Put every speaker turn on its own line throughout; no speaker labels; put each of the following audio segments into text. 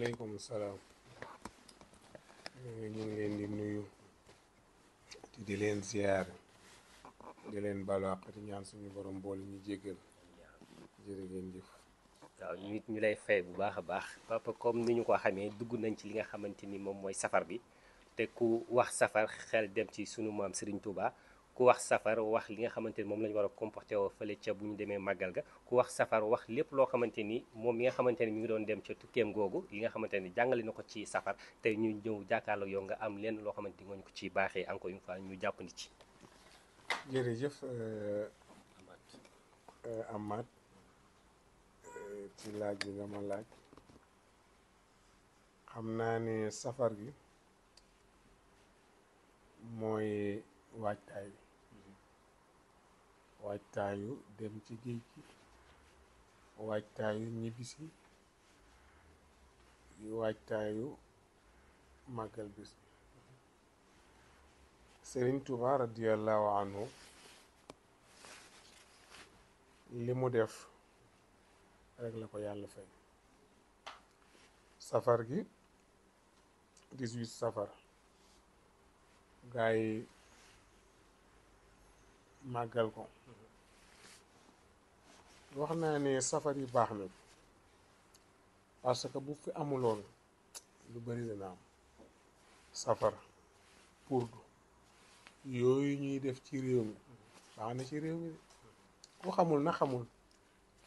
waaleykum salaam ñu ngi leen nuyu di leen ziyaare di leen balu suñu borom boole ñu jéggal
waaw ñu it ñu lay fay bu baax a baax papa comme ni ñu ko xamee dugg nañ ci li nga xamante ni moom mooy safar bi te ku wax safar xel dem ci sunu maam sëriñ Touba. ku wax safar wax li nga xamante ni moom lañu ñu war a comporté woo fële ca bu ñu demee màggal ga ku wax safar wax lépp loo xamante ni moom mi nga xamante ni mi ngi doon dem ca tukkeem googu li nga xamante ni jàngale na ko ci safar tey ñu ñëw jàkkaarloo yoon nga am lenn loo xamante ni ko ci baaxee encore une fois ñu jàppandi ci.
jërëjëf euh, euh, Amath euh, ci laaj ma laaj xam safar gi mooy. waajtaay bi mm-hmm. waajtaayu dem ci géej waajtaayu ñibbisi waajtaayu màggal bis bi mm-hmm. sëriñ Tuuba radiyallahu anhu li mu def rek la ko yàlla fay safar gi 18 safar gaa màggal ko wax naa ne safar yi baax na parce que bu fi amuloon lu bëri dana am safar pour yooyu ñuy def ci réew mi baax na ci réew mi ku xamul na xamul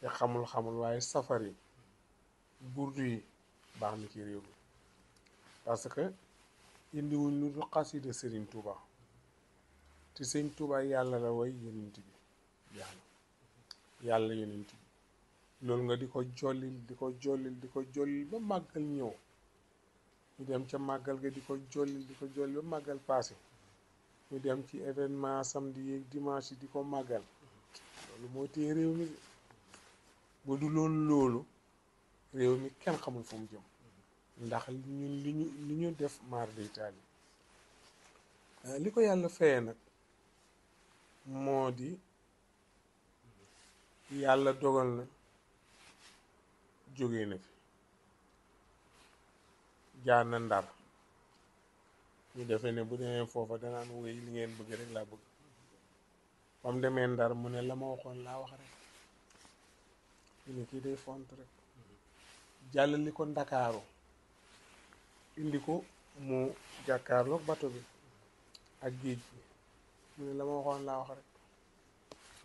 te xamul xamul waaye safar yi burdu yi baax na ci réew mi parce que indiwuñ lu dul xasida Serigne Touba te sëñ Tuubaa yàlla la way yonent bi yàlla yàlla yonent bi loolu nga di ko jollil di ko jollil di ko jollil ba màggal ñëw ñu dem ca màggal ga di ko jollil di ko jollil ba màggal paase ñu dem ci événement samdi yeeg dimanche di ko màggal loolu moo téye réew mi bu du loolu réew mi kenn xamul fu mu jëm ndax ñun li ñu li ñu def maar d'Italie ah, li ko yàlla feye nag moo di yàlla dogal na jóge na fi jaar na ndar ñu defe ne bu demee foofa danaan wéy li ngeen bëgg rek laa bëgg ba mu demee ndar mu ne la ma waxoon laa wax rek ñu ne kii day font rek jàllali ko ndakaaru indi ko mu jàkkaarloog bato bi ak géej bi mu ne la ma waxoon laa wax rek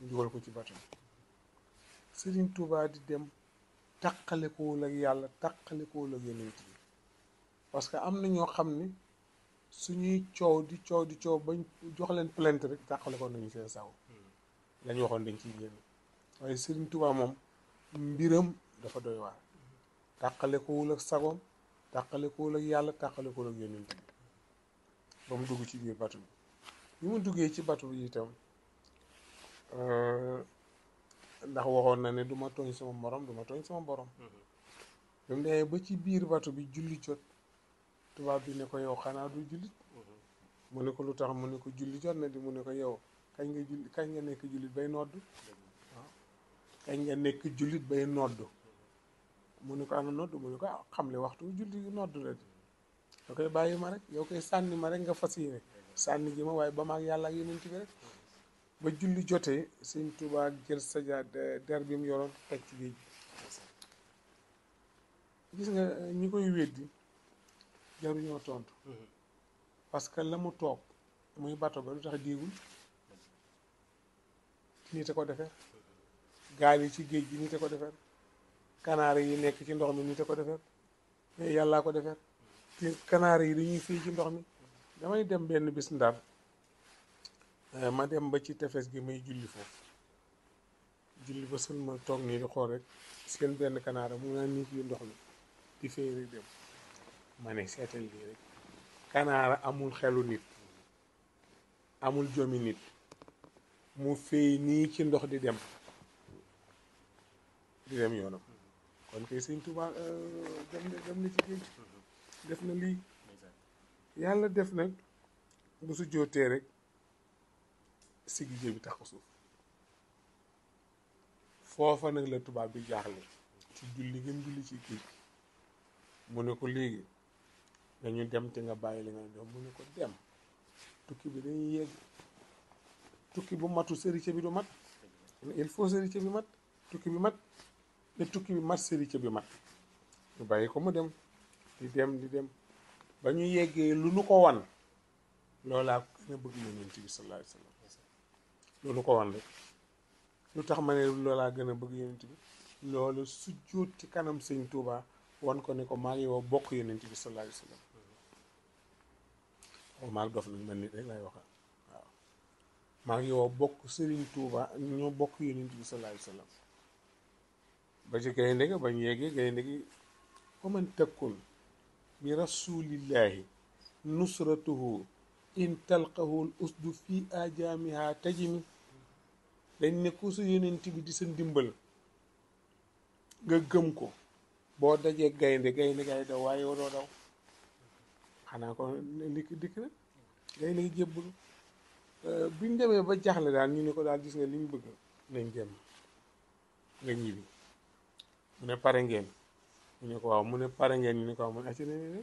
dugal ko ci batam Sëriñ Tuubaa di dem taqalikoowul ak yàlla taqalikoowul ak yonent bi parce que am na koo xam ne suñuy coow di coow di coow bañ jox leen plainte rek tàqalikoo nañu seen saw hmm. waxoon dañ ciy génn waaye Sëriñ Tuubaa moom mbiram dafa doy waar tàqalikoowul ak sagoom tàqalikoowul ak yàlla tàqalikoowul ak yonent bi ba mu dugg ci biir batam bi mu duggee ci bato bi itam euh, ndax waxoon na ne du ma tooñ sama morom du ma tooñ sama borom. Mm-hmm. bi mu demee ba ci biir bato bi julli jot tubaab bi ne ko yow xanaa du jullit. Mm-hmm. mu ne ko lu tax mu ne ko julli jot na di mu ne ko yow kañ nga julli kañ nga nekk jullit bay nodd. waaw kañ nga nekk jullit bay nodd. mu ne ko ana nodd mu ne ko ah xam le waxtu julli nodd la de. da koy bàyyi ma rek yow koy sànni ma rek nga fas yéene. sànni gi ma waaye ba maag yàlla ak yonent bi rek ba julli jotee sëñ Tuubaa jël sa der bi mu yoroon teg ci géej bi gis nga ñi koy weddi jaruñoo tontu mm-hmm. parce que la mu toog muy bato ba lu tax déegul nit ko defee gaal yi ci géej gi nit a ko defee kanaari yi nekk ci ndox mi nit a ko defee eh, mais yàllaa ko defee te yi dañuy fii ci ndox mi damay dem benn bis ndar euh, ma dem ba ci tefes gi may julli foofu julli ba sën ma toog nii di xool rek seen benn kanaara mu naa nit yu ndox mi di fay rek dem ma ne seetal lii rek kanaara amul xelu nit amul jomi nit mu fay nii ci ndox di dem di dem yoonam kon kay sëñ Tuubaa euh, dem na dem na ci géej def na lii yàlla def nag bu su jootee rek sigi jë bi taxaw suuf foofa nag la tubaab bi jaaxle ci julli ngeen julli ci kii mu ne ko léegi dañu dem te nga bàyyi li nga doon mu ne ko dem tukki bi dañuy yegg tukki bu matu sërice bi du mat il faut sërice bi mat tukki bi mat te tukki bi mat sërice bi mat ñu bàyyi ko mu dem di dem di dem ba ñu yeggee lu nu ko wan loolaa ko gën a bëgg yonent bi sallallahu alayhi wasallam lu nu ko wan rek lu tax ma ne loolaa gën a bëgg yonent bi loolu su jóot ci kanam sëñ Tuuba wan ko ne ko maa ngi bokk yonent bi sallallahu alayhi wasallam waaw maa ngi dof nag man nit lay waxal waaw ngi yow bokk sëriñ Tuuba ñoo bokk yonent bi sallallahu alayhi wasallam ba ci gaynde gi ba ñu yeggee gaynde gi fa man tëkkun bi rasulillahi nusratuhu in talqahu l usdu fi ajaamiha tajimi dañ ne ku su yonent bi di sa ndimbal nga gëm ko boo dajee gaynde gaynde gaynde waaye yow doo daw xanaa ko ndikk dikk na gaynde gi jébbalu euh, biñ demee ba jaxle daal ñu ne ko daal gis nga li bëgg nañ dem nga ñibbi mu ne pare ngeen ñu ne ko waaw mu ne pare ngeen ñu ne ko waaw mu ne assuré ne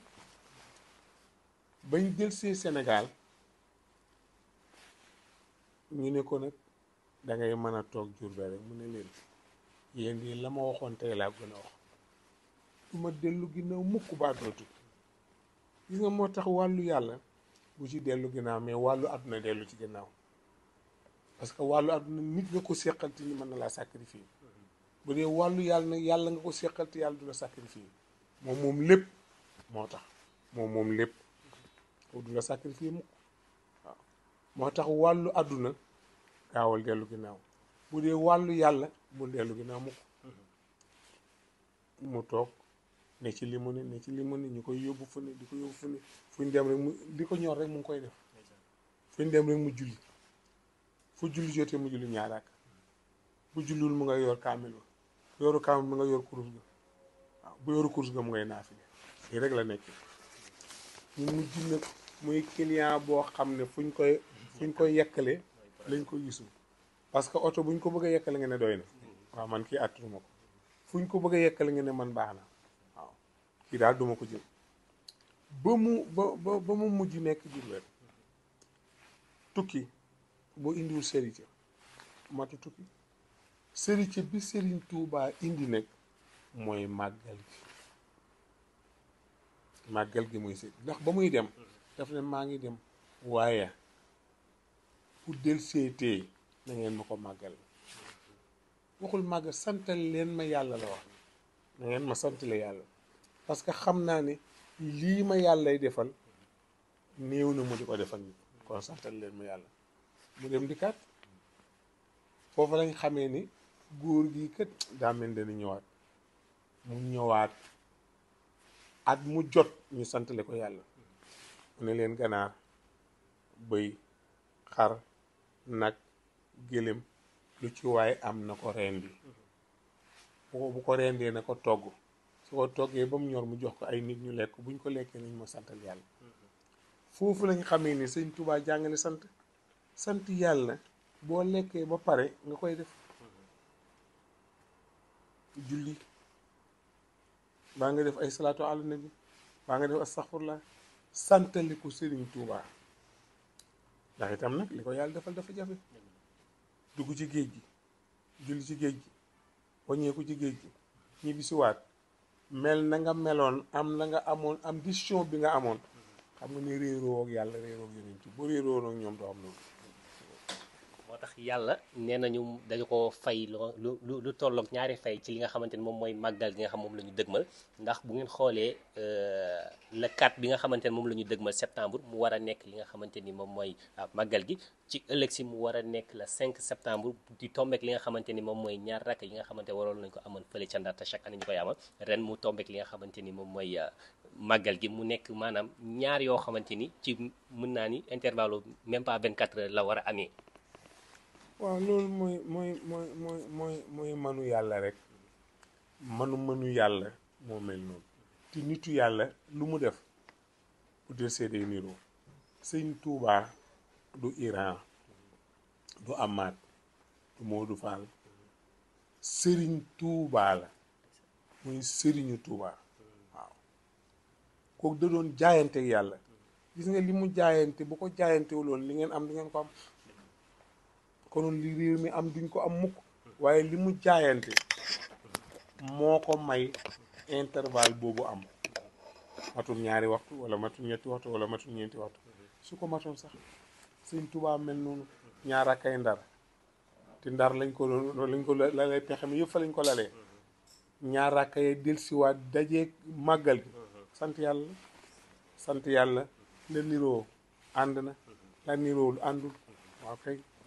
bañ jël see Sénégal ñu ne ko nag da ngay mën a toog jur mu ne leen yéen di la ma waxoon tey laa gën a wax du ma dellu ginnaaw mukk baa dootu gis nga moo tax wàllu yàlla bu ci dellu ginnaaw mais wàllu àdduna dellu ci ginnaaw parce que wàllu àdduna nit nga ko seqal te ñu mën na laa sacrifier bu dee wàllu yàlla nag yàlla nga ko seqal te yàlla du la fii moom moom lépp moo tax moom moom lépp ko du la sacrifier moo tax wàllu àdduna gaawal dellu ginnaaw bu dee wàllu yàlla bu dellu ginnaaw mukk mu toog ne ci li mu ne ci li mu ne ñu koy yóbbu fu ne di ko yóbbu fu ne fu ñu dem rek mu li ko ñor rek mu ngi koy def fu ñu dem rek mu julli fu julli jotee mu julli ñaaraak bu jullul mu nga yor kaamil ba yoru kaam mu nga yor kurus ga waaw bu yoru kurus ga mu ngay naafile lii rek la nekk ñu mujj nag muy client boo xam ne fuñ koy fuñ koy yekkale lañ koy gisul parce que oto buñ ko bëgg a yekkale nga ne doy na waaw man kii àttuma ko fuñ ko bëgg a yekkale nga ne man baax na waaw daal duma ko jël ba mu ba ba mu mujj nekk jurwet tukki boo indiwul serite matu tukki ci bi Serigne Touba indi nag mooy màggal gi gi muy sëri ndax ba muy dem def ne maa ngi dem waaye pour del seetee na ma ko màggal waxul màgg santal leen ma yàlla la wax na ngeen ma santale yàlla parce que xam naa ne lii ma yàllay defal néew na mu di ko defal nit kon santal leen ma yàlla mu dem di foofu lañ xamee ni góor gi kat daa mel dana ñëwaat mu ñëwaat at mu jot ñu santale ko yàlla mu ne leen ganaar bëy xar nag gëléem lu ci waaye am na ko rendi bu ko rendee na ko togg su ko toggee ba mu ñor mu jox ko ay nit ñu lekk buñ ko lekkee nañ ma santal yàlla foofu lañ xamee ni sëñ Tuubaa jàngale sant sant yàlla boo lekkee ba pare nga koy def julli baa nga def ay salaatu ala nabi baa nga def astaxfurlaa santaliku sëriñ Tuubaa ndax itam nag li ko yàlla defal dafa jafe dugg ci géej gi julli ci géej gi waññeeku ci géej gi ñibbisiwaat mel na nga meloon am na nga amoon am ambition bi nga amoon xam nga ni réeroo ak yàlla réeroo ak yeneen ci bu réeroo ak ñoom doo am loolu
yàlla nee ñu dañu ko fay lu lu lu tolloog ñaari fay ci li nga xamante ni moom mooy màggal gi nga xam moom la ñu dëgmal ndax bu ngeen xoolee euh, le 4 bi nga xamante ni moom la dëgmal septembre mu war a nekk li nga xamante ni moom mooy euh, màggal gi ci ëllëg si mu war a nekk la 5 septembre di tombeek li nga xamante ni moom mooy ñaar rakk yi nga xamante waroon nañ ko amal fële ca Ndar te chaque année ñu koy amal ren mu tombeek li nga xamante ni moom mooy euh, màggal gi mu nekk maanaam ñaar yoo xamante ni ci mën naa ni intervalle même pas 24 heures la war a amee
waaw loolu mooy mooy mooy mooy mooy mooy manu yàlla rek manu manu yàlla moo mel noonu te nitu yàlla lu mu def bu desee day niroo sëñ Tuubaa du Iran du Amaat du Modou sëriñ Tuubaa la muy sëriñu Tuubaa waaw kooku da doon jaayante yàlla gis nga li mu jaayante bu ko jaayantewuloon li ngeen am di ngeen ko am kon li réew mi am duñ ko am mukk waaye li mu jaayante moo ko may intervalle boobu am matum ñaari waxtu wala matum ñetti waxtu wala matum ñeenti waxtu su ko matoon sax sëñ Tuubaa mel noonu ñaar ndar te ndar lañ ko lañ ko lalee pexe mi yëpp fa lañ ko lalee ñaar ak ay dellusiwaat dajeeg màggal gi sant yàlla sant yàlla la niroo ànd na la niroowul àndul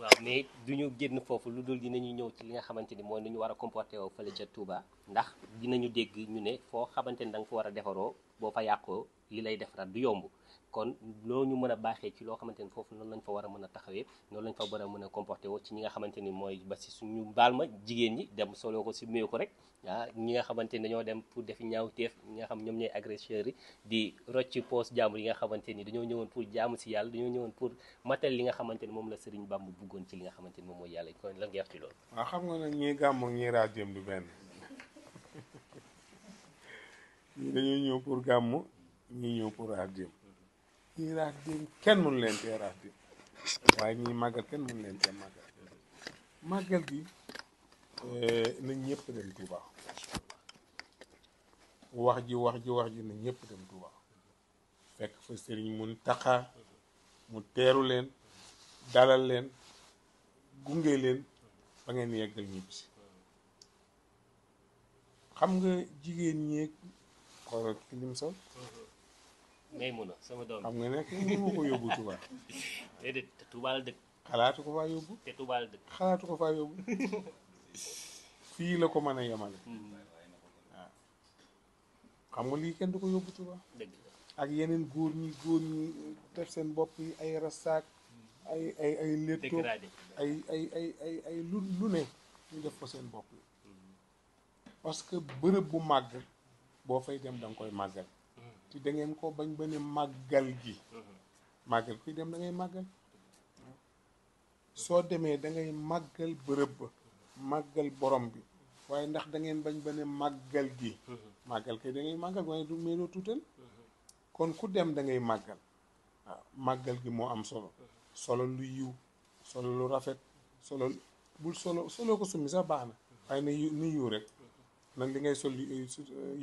waaw mais du ñu génn foofu lu dul ñuy ñëw ci li nga xamante ni mooy nu ñu war a comporté woo fële ca Touba ndax dinañu dégg ñu ne foo xamante ni da nga fa war a defaroo boo fa yàqoo li lay defaraat du yomb kon loo ñu mën a baaxee ci loo xamante ni foofu noonu lañ fa war a mën a taxawee noonu lañ fa war a mën a comporté woo ci ñi nga xamante ni mooy ba si suñu baal ma jigéen ñi dem solo ko si meew ko rek ah ñi nga xamante ni dañoo dem pour def ñaawteef ñi nga xam ñoom ñooy agresseurs yi di rocci poos jaamur yi nga xamante ni dañoo ñëwoon pour jaamu si yàlla dañoo ñëwoon pour matal li nga xamante ni moom la Serigne Bamba buggoon ci li nga xamante ni moom mooy yàlla kon la nga wax ci loolu
waaw xam nga nag ñi gàmm ak ñi raajeem du benn ñi dañoo ñëw pour gàmm ñi ñëw pour raajeem ñii raas kenn mënu leen cee raas waaye ñii màggal kenn mënu leen cee màggal màggal gi eh, na ñëpp dem Touba wax ji wax ji wax ji na ñëpp dem Touba fekk fa sëriñ mun taxa mu teeru leen dalal leen gunge leen fa ngeen yeggal ñibbisi xam nga jigéen ñeeg xoolal ki sol
Maymuna sama doom xam nga nekk ni ma ko xalaatu ko faa yóbbu. te xalaatu ko faa yóbbu.
fii la ko mën a yemale. Hmm. xam nga lii kenn du ko yóbbu Touba. ak yeneen góor ñi góor ñi def seen bopp yi ay rasaak. ay ay ay létto ay ay ay ay lu lu ne ñu def ko seen bopp yi. Hmm. parce que bërëb bu màgg boo fay dem da nga koy màggal. te da ngeen ko bañ ba ne màggal gi mm-hmm. màggal kuy dem dangay ngay màggal soo demee da màggal bërëb ba màggal borom bi waaye ndax dangeen bañ ba ne màggal gi mm-hmm. màggal kay da ngay màggal waaye du meeloo tuutal mm-hmm. ku dem da màggal waaw màggal gi moo am solo solo lu yiw solo lu rafet solo bul solo solo ko summi sax baax na waaye na yiw ni yiw rek nan li ngay sol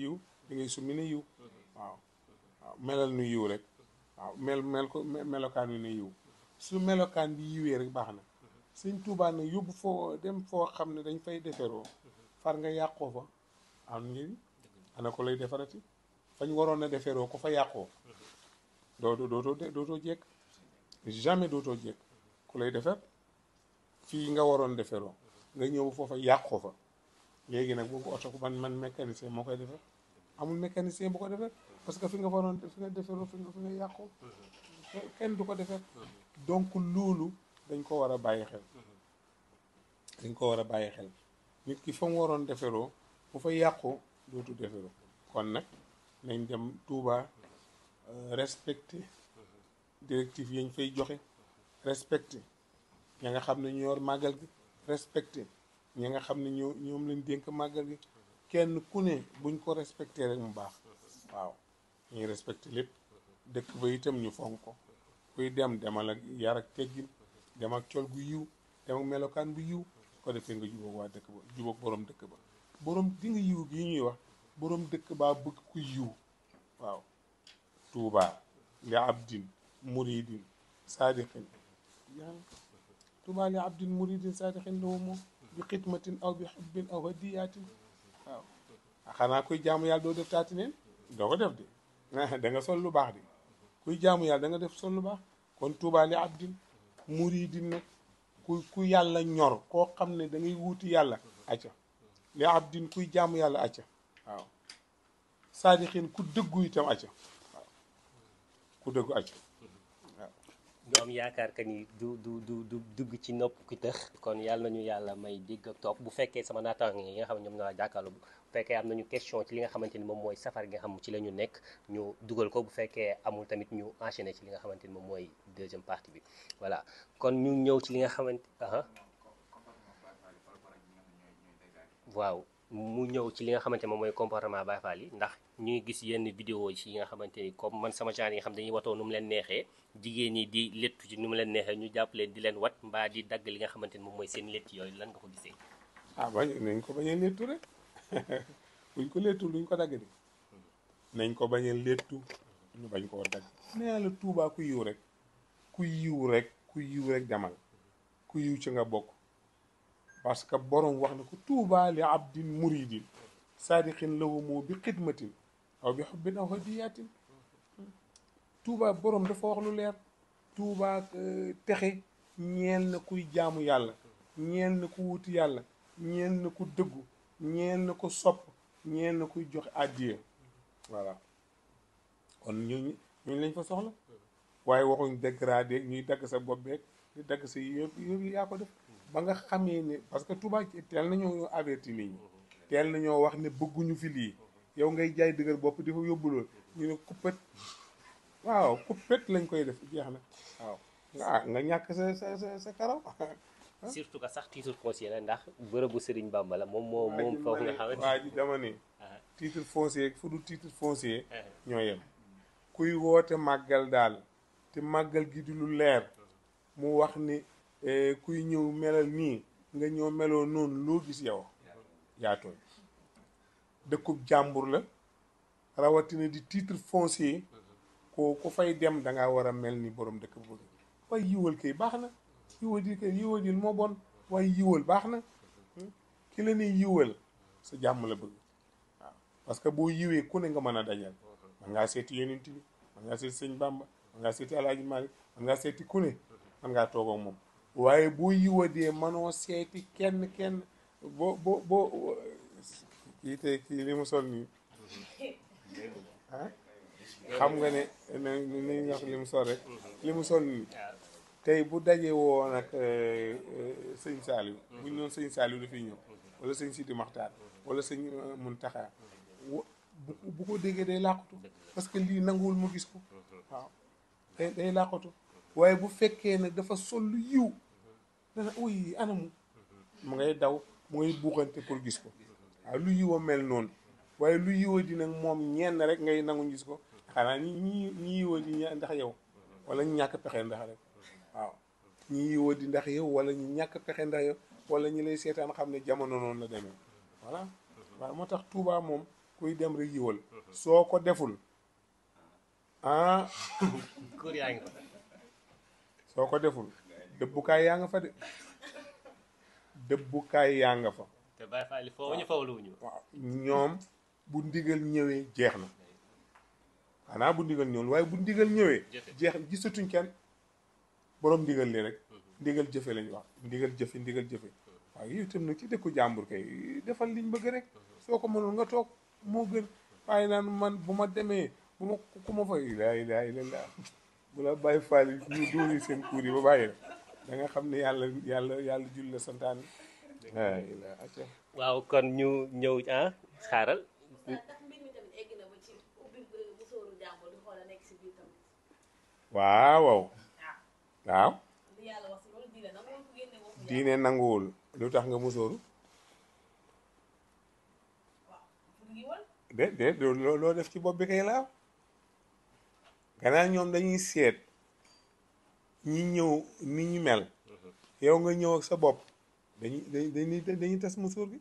yiw li summi na yiw melal nu yiw rek waaw mel mel ko melokaan wi ne yiw su melokaan bi yiwee rek baax na sëñ tuubaan nag yóbbu foo dem foo xam ne dañ fay deferoo far nga yàqoo fa am njëriñ ana ko lay defarati fañ waroon a deferoo ko fa yàqoo dootoo dootoo dootoo jekk jamais dootoo jekk ku lay defer fii nga waroon deferoo nga ñëw foofa yàqoo fa léegi nag boo ko oto ko man man mécanicien moo koy defer amul mécanicien bu ko defer parce que fi nga waroon fi nga deferoo fi nga yàqu kenn du ko defee donc loolu dañ ko war a bàyyi xel dañ ko war a bàyyi xel nit ki fa mu waroon deferoo bu fa yàqu dootu deferoo kon nag nañ dem Touba euh, respecter directive yañ fay joxe respecter ña nga xam ne yor màggal gi respecter ñi nga xam ne ñoo ñoom lañ dénk màggal gi kenn ku ne buñ ko respecté rek mu baax waaw ñuy respecté lépp dëkk ba itam ñu fonk kuy dem demal ak yar ak teggin dem col gu yiw dem melokaan bu yiw su ko defee nga jubóog waa dëkk ba jubóog dëkk ba borom di nga yiw gi ñuy wax borom dëkk baa bëgg ku yiw waaw tuubaa li abdin muridin saadiqin yàlla tuubaa li abdin muridin saadiqin lahu moom bi xidmatin aw bi xubbin aw hadiyatin waaw xanaa koy jaamu yàlla doo def doo ko def de Ah, danga sol lu baax di kuy jaamu yàlla danga def sol lu baax kon tuubaali abdin muridin nag ku ku yàlla ñor koo xam ne dangay ngay wuuti yàlla acca li abdin kuy jaamu yàlla acca waaw saadixin ku dëggu itam acca
waaw ku dëggu acca ñu yaakaar que ni du du du du dugg ci nopp ki tëx kon yàlla nañu yàlla may dégg ak topp bu fekkee sama naataango yi nga xam ne ñoom naa jàkkaarloo bu fekkee am nañu question ci li nga xamante ni moom mooy safar gi nga xam ci la ñu nekk ñu dugal ko bu fekkee amul tamit ñu enchaîner ci li nga xamante ni moom mooy deuxième partie bi voilà kon ñu ñëw ci li nga xamante aha ah. waaw mu ñëw ci li nga xamante moom mooy comportement Baye Fall yi ndax ñuy gis yenn vidéo ci yi nga xamante ni comme man sama genre yi nga xam dañuy watoo nu mu leen neexee jigéen ñi di lettu ci nu mu leen neexee ñu jàpp leen di leen wat mbaa di dagg li nga xamante ni moom mooy seen lett yooyu lan nga ko gisee.
ah bañ nañ ko bañ a lettu rek buñ ko lettu luñ ko dagg de ko bañ a lettu bañ koo dagg. nee naa la ku yiw rek ku yiw rek ku yiw rek demal ku yiw ci nga bokk. parce que borom wax na ko tuuba li abdin muridin saadiqin lahu moo bi xidmatin aw bi xubbin aw hadiyatin tuuba borom dafa wax lu leer tuuba euh, texe ñeel kuy jaamu yàlla ñeel ku wuti yàlla ñeel ku dëggu ñeel na ko sopp ñeel kuy joxe àddiya voilà kon ñooñu ñooñu lañ fa soxla waaye waxuñ dégradé ñuy dagg sa bopp beeg di dagg sa yaa ko def ba nga xamee ne parce que Touba teel nañoo averti nit ñi teel ñoo wax ni bëgguñu fi lii yow ngay jaay dëgër bopp di fa yóbbu loolu ñu ne kuppet waaw kuppet lañ koy def jeex na waaw ah
que sax titre foncier la ndax bërëbu Serigne Bamba moom moo moom foofu nga xam ne waa ji dama ne ah. titre foncier fu du titre foncier ah. ñoo yem
kuy woote màggal daal te màggal gi di lu leer mu wax ni Eh, kuy ñëw melal nii nga ñëw meloo noonu loo gis yow yaa tooñ jàmbur la rawatina di titre foncier ko ku fay dem danga war a mel ni borom dëkk bu bëgg waaye yiwal kay baax na yiwal yi kay yiwal yi moo bon waaye yiwal baax na hmm? ki la ne yiwal sa jàmm la bëgg parce que boo yiwee ku ne nga mën a dajal man ngaa seeti yonent bi man ngaa seeti sëñ Bamba man ngaa seeti Alaaji Maalik man ngaa seeti ku man ngaa toog moom waaye boo yiwadee manoo seeti kenn kenn bo bo bo kii tey kii li mu sol nii ah xam nga ne ni ñu wax li mu sol rek li mu sol nii tey bu daje woon ak eh, eh, sëñ Saliou bu ñu doon sëñ Saliou dafay ñëw wala sëñ Sidi Maxtaar wala sëñ eh, Muntaxa bu ko déggee day làqatu parce que lii nanguwul mu gis ko waaw day day làqatu waaye bu fekkee nag dafa sol lu yiw dana uy mm-hmm. mu ngay daw mu ngay buuxante pour gis ko waaw lu yiwa mel noonu waaye lu yiwa di moom ñenn rek ngay nangu gis ko xanaa ñi ñi ñi yiwa di ndax yow walla ñàkk pexe ndax ñi di ndax yow wala ñàkk pexe ndax yow wala ñi lay seetaan xam ne jamono noonu la demee voilà moo tax Touba moom kuy dem rek yiwal soo ko deful ah soo ko deful dëbbukaay yaa nga fa de dëbbukaay yaa nga fa.
te Baye Fall foofu ñu waaw ñoom
bu ndigal ñëwee jeex na xanaa bu ndigal ñëwul waaye bu ndigal ñëwee. jeex gisatuñ kenn boroom ndigal li rek. Hmm. ndigal jëfe lañ wax ndigal jëfe ndigal jëfe hmm. waaw yow ci dëkku jàmbur kay defal liñ bëgg rek hmm. soo ko mënul nga toog moo gën waaye naan man bu ma demee bu ma ku ma fay. laa ilaaha illallaah bu la Baye Fall ñu dóori seen kuur yi ba bàyyi la. da nga xam ne yàlla yàlla yàlla jul la santaan waaw kon ñu ñëw ah xaaral
waaw waaw
ah. diine nanguwul lu tax nga musóoru de de loo def ci bopp bi kay laaw gannaaw ñoom dañuy seet ñi ñëw ni ñu mel yow nga ñëw ak sa bopp dañuy dañuy dañuy tas musóor bi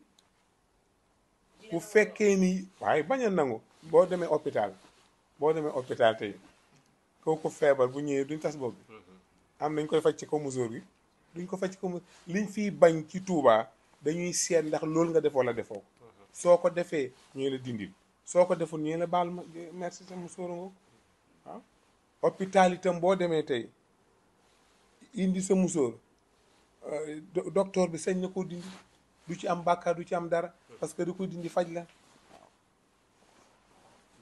bu fekkee ni waaye bañ a nangu boo demee hôpital boo demee hôpital tey kooku feebar bu ñëwee duñ tas bopp bi am nañ koy faj ci ko musóor gi duñ ko faj ci ko musóor liñ fiy bañ ci tuubaa dañuy seet ndax loolu nga def wala defoo ko soo ko defee ñooy la dindil soo ko deful ñooy la baal merci sa musóor nga waaw ah. hôpital itam boo demee tey indi sa musóor euh, docteur bi sañ na ko dindi du ci am bàkkaar du ci am dara parce que du ko dindi faj la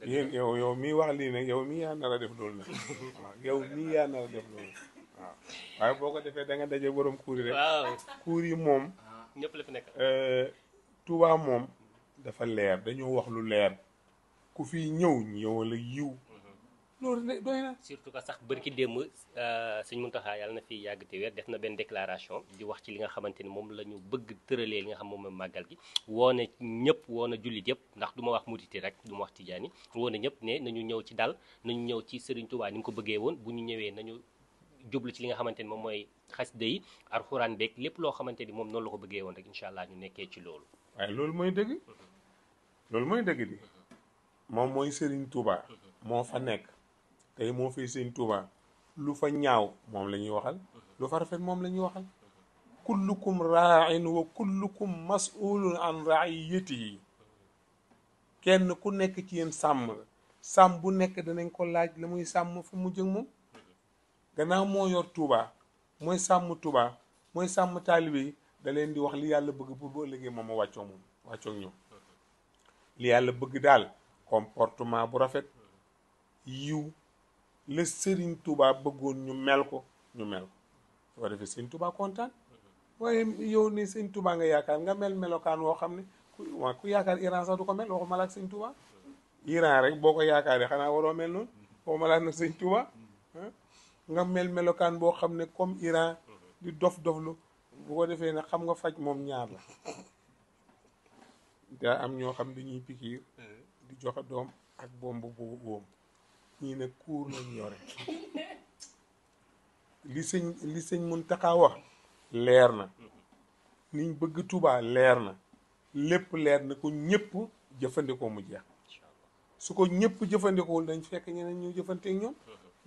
yéen yow yow mii wax lii nag yow mii yaa nar def loolu nag waaw yow mii yaa nar def loolu waaw waaye boo ko defee da nga daje borom kuur yi rek kuur yi moom ah, ñëpp la fi nekk euh, Tuubaa moom dafa leer dañoo wax lu leer ku fi ñëw ñëwal ak yiw
loolu doy na. surtout que sax bërki démb euh, sëñ Muntaxa yàlla na fi yàgg te weer def na benn déclaration di wax ci li nga xamante ni moom la ñu bëgg tëralee li nga xam moom mooy màggal gi woone ñëpp woone jullit yëpp ndax du ma wax muriti rek du ma wax tijaani woone ñëpp ne nañu ñëw ci dal nañu ñëw ci Serigne Touba ni mu ko bëggee woon bu ñu ñëwee nañu jublu ci li nga xamante ni moom mooy xasida yi alxuraan beeg lépp loo xamante ni moom noonu la ko bëggee woon rek incha allah ñu nekkee ci loolu.
waaye loolu mooy dëgg mm-hmm. loolu mooy dëgg di mm-hmm. tey moo fi sëñ Tuubaa lu fa ñaaw moom lañuy waxal lu fa rafet moom lañuy ñuy waxal kullukum raain wa kullukum masulun an raiyatihi kenn ku nekk ci yéen sàmm la sàmm bu nekk danañ ko laaj la muy sàmm fu mu jëg moom gannaaw moo yor Tuubaa mooy sàmm Tuubaa mooy sàmm taalibe yi da leen di wax li yàlla bëgg pour bu ëllëgee moom a wàccoo moom wàccoog ñoom li yàlla bëgg daal comportement bu rafet yiw la Serigne Touba bëggoon ñu mel ko ñu mel ko su ko defee Serigne Touba kontaan waaye yow ni Serigne Touba nga yaakaar nga mel melokaan woo xam ne ku ku yaakaar Iran sax du ko mel waxuma la ak Serigne Iran rek boo ko yaakaaree xanaa waroo mel noonu waxuma la nag Serigne Touba nga mel melokaan boo xam ne comme Iran di dof doflu bu ko defee nag xam nga faj moom ñaar la daa am ñoo xam dañuy pikiir eh. di joxe doom ak bomb bu wóom ñii ne kuur lañu yore li sëñ mun sëñ wax leer na niñ bëgg Tuubaa leer na lépp leer na ko ñëpp jëfandikoo mu jeex su ko ñëpp jëfandikoowul dañ fekk ñeneen ñu jëfanteek ñoom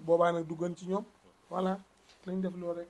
boobaa nag du ci ñoom voilà nañ def loolu rek